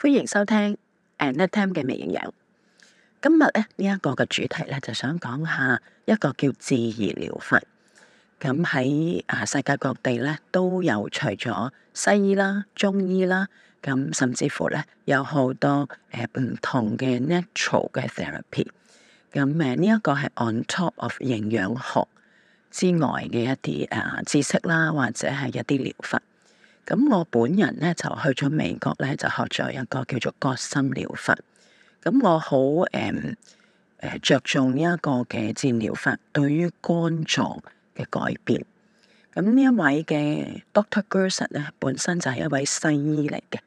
歡迎收聽 Annette Tam 嘅微營養。今日咧呢一個嘅主題咧，就想講一下一個叫自然療法。咁喺啊世界各地咧都有除咗西醫啦、中醫啦，咁甚至乎咧有好多誒唔同嘅 natural 嘅 therapy。咁誒呢一個係 on top of 營養學之外嘅一啲誒知識啦，或者係一啲療法。咁我本人咧就去咗美國咧，就學咗一個叫做葛森療法。咁我好誒誒着重呢一個嘅治療法對於肝臟嘅改變。咁呢一位嘅 Doctor Gerson 咧，本身就係一位西醫嚟嘅，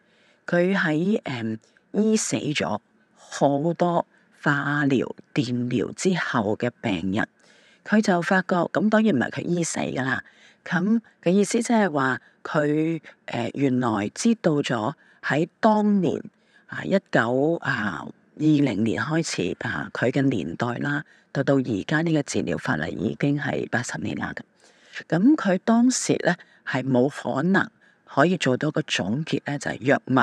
佢喺誒醫死咗好多化療、電療之後嘅病人。佢就發覺，咁當然唔係佢醫死噶啦。咁嘅意思即係話，佢誒、呃、原來知道咗喺當年啊，一九啊二零年開始啊，佢嘅年代啦，到到而家呢個治療法例已經係八十年啦。咁，咁佢當時咧係冇可能可以做到個總結咧，就係、是、藥物。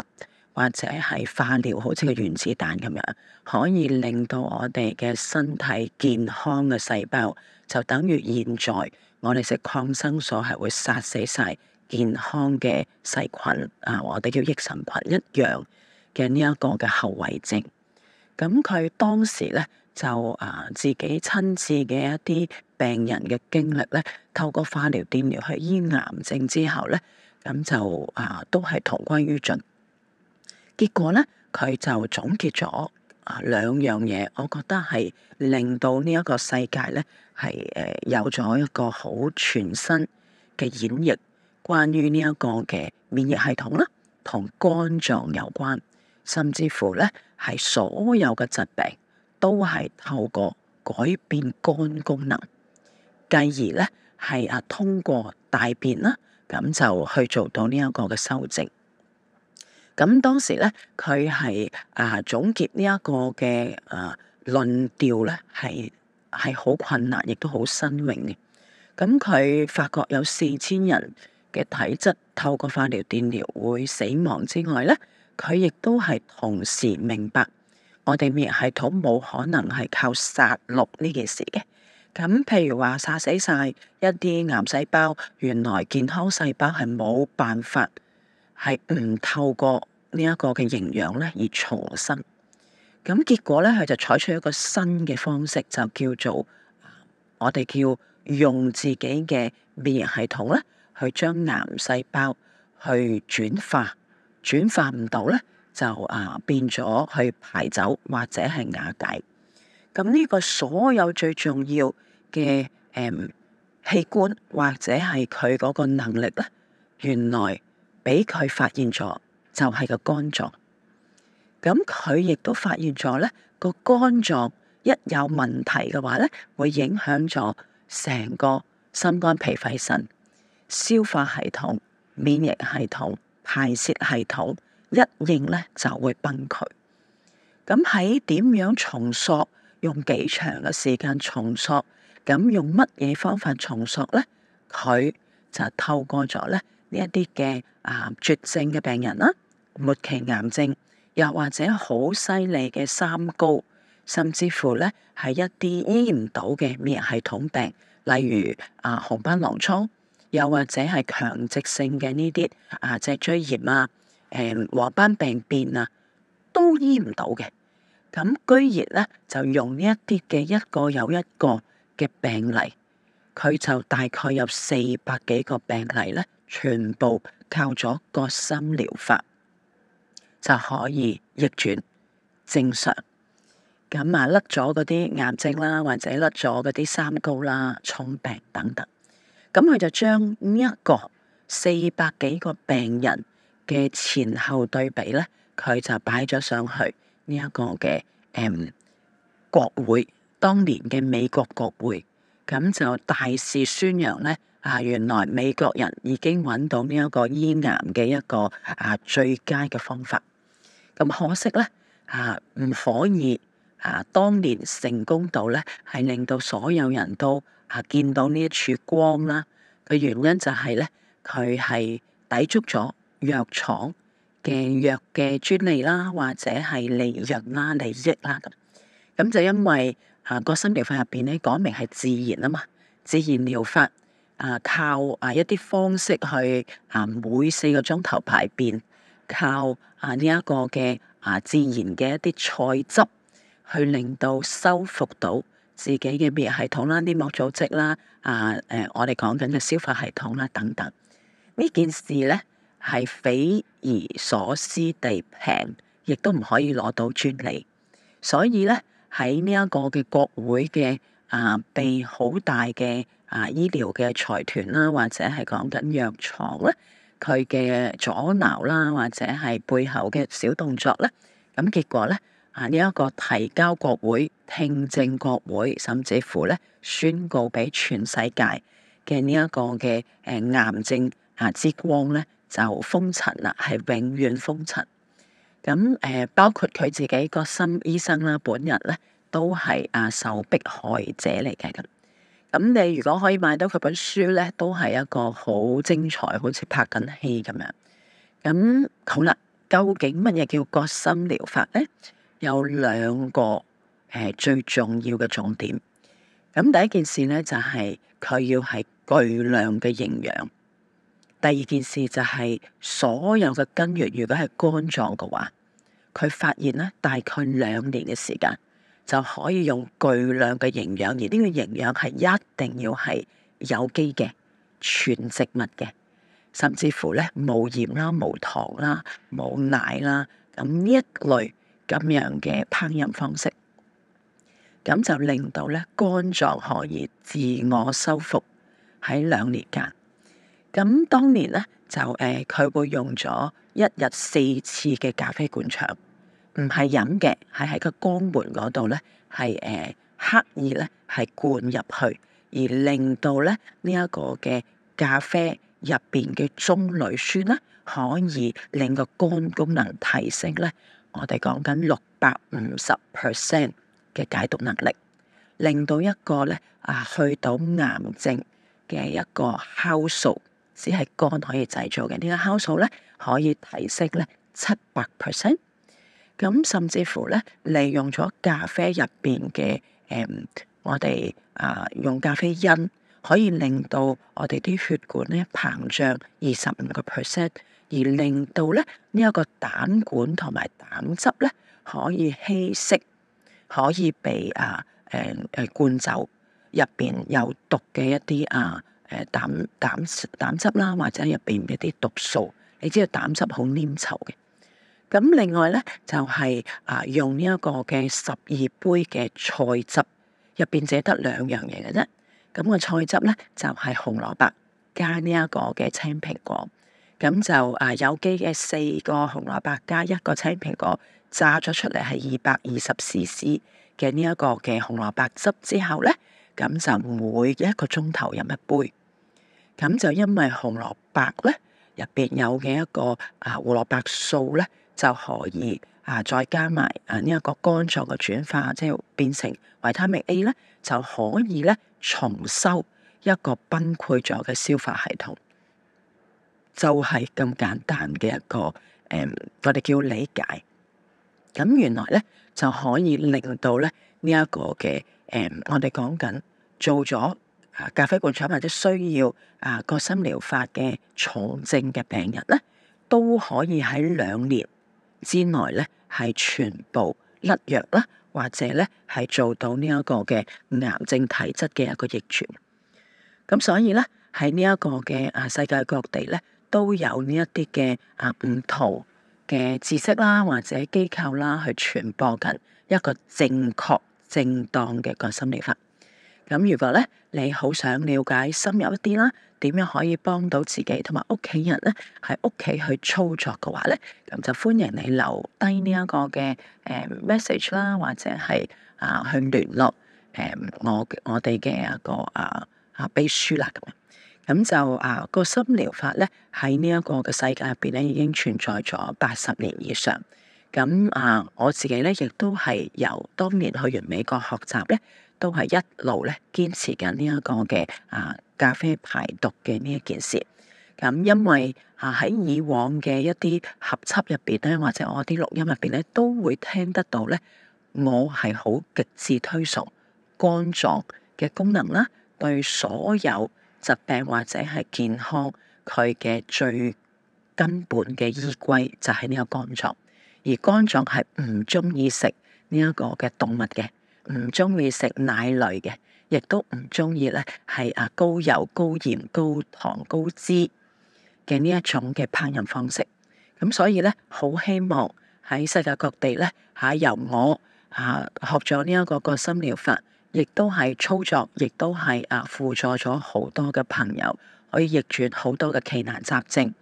或者係化療，好似個原子彈咁樣，可以令到我哋嘅身體健康嘅細胞，就等於現在我哋食抗生素係會殺死晒健康嘅細菌啊！我哋叫益生菌一樣嘅呢一個嘅後遺症。咁佢當時咧就啊自己親自嘅一啲病人嘅經歷咧，透過化療、電療去醫癌症之後咧，咁就啊都係同歸於盡。結果咧，佢就總結咗、啊、兩樣嘢，我覺得係令到呢一個世界咧係誒有咗一個好全新嘅演繹，關於呢一個嘅免疫系統啦，同肝臟有關，甚至乎咧係所有嘅疾病都係透過改變肝功能，繼而咧係啊通過大便啦，咁就去做到呢一個嘅修正。咁當時咧，佢係啊總結啊呢一個嘅誒論調咧，係係好困難，亦都好新穎嘅。咁、嗯、佢發覺有四千人嘅體質透過化療、電療會死亡之外咧，佢亦都係同時明白，我哋免疫系統冇可能係靠殺戮呢件事嘅。咁、嗯、譬如話殺死晒一啲癌細胞，原來健康細胞係冇辦法。係唔透過呢一個嘅營養咧而重生，咁結果咧佢就採取一個新嘅方式，就叫做我哋叫用自己嘅免疫系統咧，去將癌細胞去轉化，轉化唔到咧就啊變咗去排走或者係瓦解。咁呢個所有最重要嘅誒、嗯、器官或者係佢嗰個能力咧，原來。俾佢發現咗，就係個肝臟。咁佢亦都發現咗咧，個肝臟一有問題嘅話咧，會影響咗成個心肝脾肺腎、消化系統、免疫系統、排泄系統，一應咧就會崩潰。咁喺點樣重塑？用幾長嘅時間重塑？咁用乜嘢方法重塑咧？佢就透過咗咧。呢一啲嘅啊絕症嘅病人啦，末期癌症，又或者好犀利嘅三高，甚至乎咧係一啲醫唔到嘅免疫系統病，例如啊紅斑狼瘡，又或者係強直性嘅呢啲啊脊椎炎啊，誒、啊、黃斑病變啊，都醫唔到嘅。咁居然咧就用呢一啲嘅一個又一個嘅病例，佢就大概有四百幾個病例咧。全部靠咗葛森療法就可以逆轉正常，咁啊甩咗嗰啲癌症啦，或者甩咗嗰啲三高啦、重病等等，咁佢就將呢一個四百幾個病人嘅前後對比咧，佢就擺咗上去呢一個嘅誒、嗯、國會，當年嘅美國國會，咁就大肆宣揚咧。啊！原來美國人已經揾到呢一個醫癌嘅一個啊最佳嘅方法。咁可惜咧，啊唔可以啊！當年成功度咧，係令到所有人都啊見到呢一處光啦，佢原因就係咧，佢係抵觸咗藥廠嘅藥嘅專利啦，或者係利藥啦、利益啦咁。咁就因為啊個新療法入邊咧，講明係自然啊嘛，自然療法。啊，靠啊一啲方式去啊每四個鐘頭排便，靠啊呢一個嘅啊自然嘅一啲菜汁，去令到修復到自己嘅免疫系統啦、黏膜組織啦、啊誒、呃、我哋講緊嘅消化系統啦等等。呢件事咧係匪夷所思地平，亦都唔可以攞到專利。所以咧喺呢一個嘅國會嘅。啊，被好大嘅啊醫療嘅財團啦，或者係講緊藥廠咧，佢嘅阻撓啦，或者係背後嘅小動作啦。咁、啊、結果咧啊呢一、這個提交國會聽證國會，甚至乎咧宣告俾全世界嘅呢一個嘅誒癌症啊之光咧，就封塵啦，係永遠封塵。咁、啊、誒，包括佢自己個心醫生啦，本人咧。都係啊，受迫害者嚟嘅。咁。咁你如果可以買到佢本書咧，都係一個好精彩，好似拍緊戲咁樣。咁好啦，究竟乜嘢叫葛森療法咧？有兩個誒、呃，最重要嘅重點。咁第一件事咧就係、是、佢要係巨量嘅營養。第二件事就係、是、所有嘅根源，如果係肝臟嘅話，佢發現咧大概兩年嘅時間，就可以用巨量嘅營養，而呢個營養係一定要係有機嘅，全植物嘅，甚至乎咧冇鹽啦、冇糖啦、冇奶啦，咁呢一類咁樣嘅烹飪方式，咁就令到咧肝臟可以自我修復喺兩年間。咁當年咧就誒佢、呃、會用咗一日四次嘅咖啡灌腸。唔係飲嘅，係喺個肛門嗰度咧，係誒刻意咧，係灌入去，而令到咧呢一個嘅咖啡入邊嘅棕櫚酸咧，可以令個肝功能提升咧，我哋講緊六百五十 percent 嘅解毒能力，令到一個咧啊去到癌症嘅一個酵素，只係肝可以製造嘅，呢個酵素咧可以提升咧七百 percent。咁甚至乎咧，利用咗咖啡入邊嘅誒，我哋啊用咖啡因可以令到我哋啲血管咧膨脹二十五個 percent，而令到咧呢一、這個膽管同埋膽汁咧可以稀釋，可以被啊誒誒、啊啊、灌走入邊有毒嘅一啲啊誒、啊、膽膽膽汁啦，或者入邊嘅一啲毒素。你知道膽汁好粘稠嘅。咁另外咧就係、是、啊用呢一個嘅十二杯嘅菜汁入邊只得兩樣嘢嘅啫。咁、那個菜汁咧就係、是、紅蘿蔔加呢一個嘅青蘋果。咁就啊有機嘅四個紅蘿蔔加一個青蘋果，榨咗出嚟係二百二十 CC 嘅呢一個嘅紅蘿蔔汁之後咧，咁就每一個鐘頭飲一杯。咁就因為紅蘿蔔咧入邊有嘅一個啊胡蘿蔔素咧。就可以啊，再加埋啊呢一、這個肝臟嘅轉化，即係變成維他命 A 咧，就可以咧重修一個崩潰咗嘅消化系統，就係、是、咁簡單嘅一個誒、嗯，我哋叫理解。咁、啊、原來咧就可以令到咧呢一、這個嘅誒、嗯，我哋講緊做咗啊咖啡灌腸或者需要啊葛森療法嘅重症嘅病人咧，都可以喺兩年之內咧，係全部甩藥啦，或者咧係做到呢一個嘅癌症體質嘅一個逆轉。咁所以咧喺呢一個嘅啊世界各地咧都有呢一啲嘅啊五圖嘅知識啦，或者機構啦去傳播緊一個正確、正當嘅葛森療法。咁如果咧，你好想了解深入一啲啦，點樣可以幫到自己同埋屋企人咧，喺屋企去操作嘅話咧，咁就歡迎你留低呢一個嘅誒 message 啦，或者係啊去聯絡誒、啊、我我哋嘅一個啊啊秘書啦咁樣。咁就啊葛森療法咧喺呢一個嘅世界入邊咧，已經存在咗八十年以上。咁啊，我自己咧亦都係由當年去完美國學習咧。都係一路咧堅持緊呢一個嘅啊咖啡排毒嘅呢一件事，咁、啊、因為啊喺以往嘅一啲合輯入邊咧，或者我啲錄音入邊咧，都會聽得到咧，我係好極致推崇肝臟嘅功能啦，對所有疾病或者係健康，佢嘅最根本嘅依歸就係呢個肝臟，而肝臟係唔中意食呢一個嘅動物嘅。唔中意食奶類嘅，亦都唔中意咧係啊高油、高鹽、高糖、高脂嘅呢一種嘅烹飪方式。咁所以咧，好希望喺世界各地咧吓，由我吓學咗呢一個葛森療法，亦都係操作，亦都係啊輔助咗好多嘅朋友，可以逆轉好多嘅奇難雜症。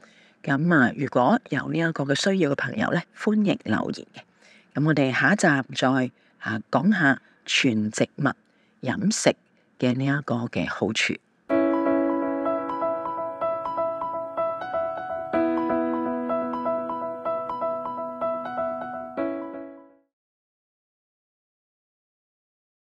咁啊，如果有呢一個嘅需要嘅朋友咧，歡迎留言嘅。咁我哋下一集再啊講下。全植物飲食嘅呢一個嘅好處。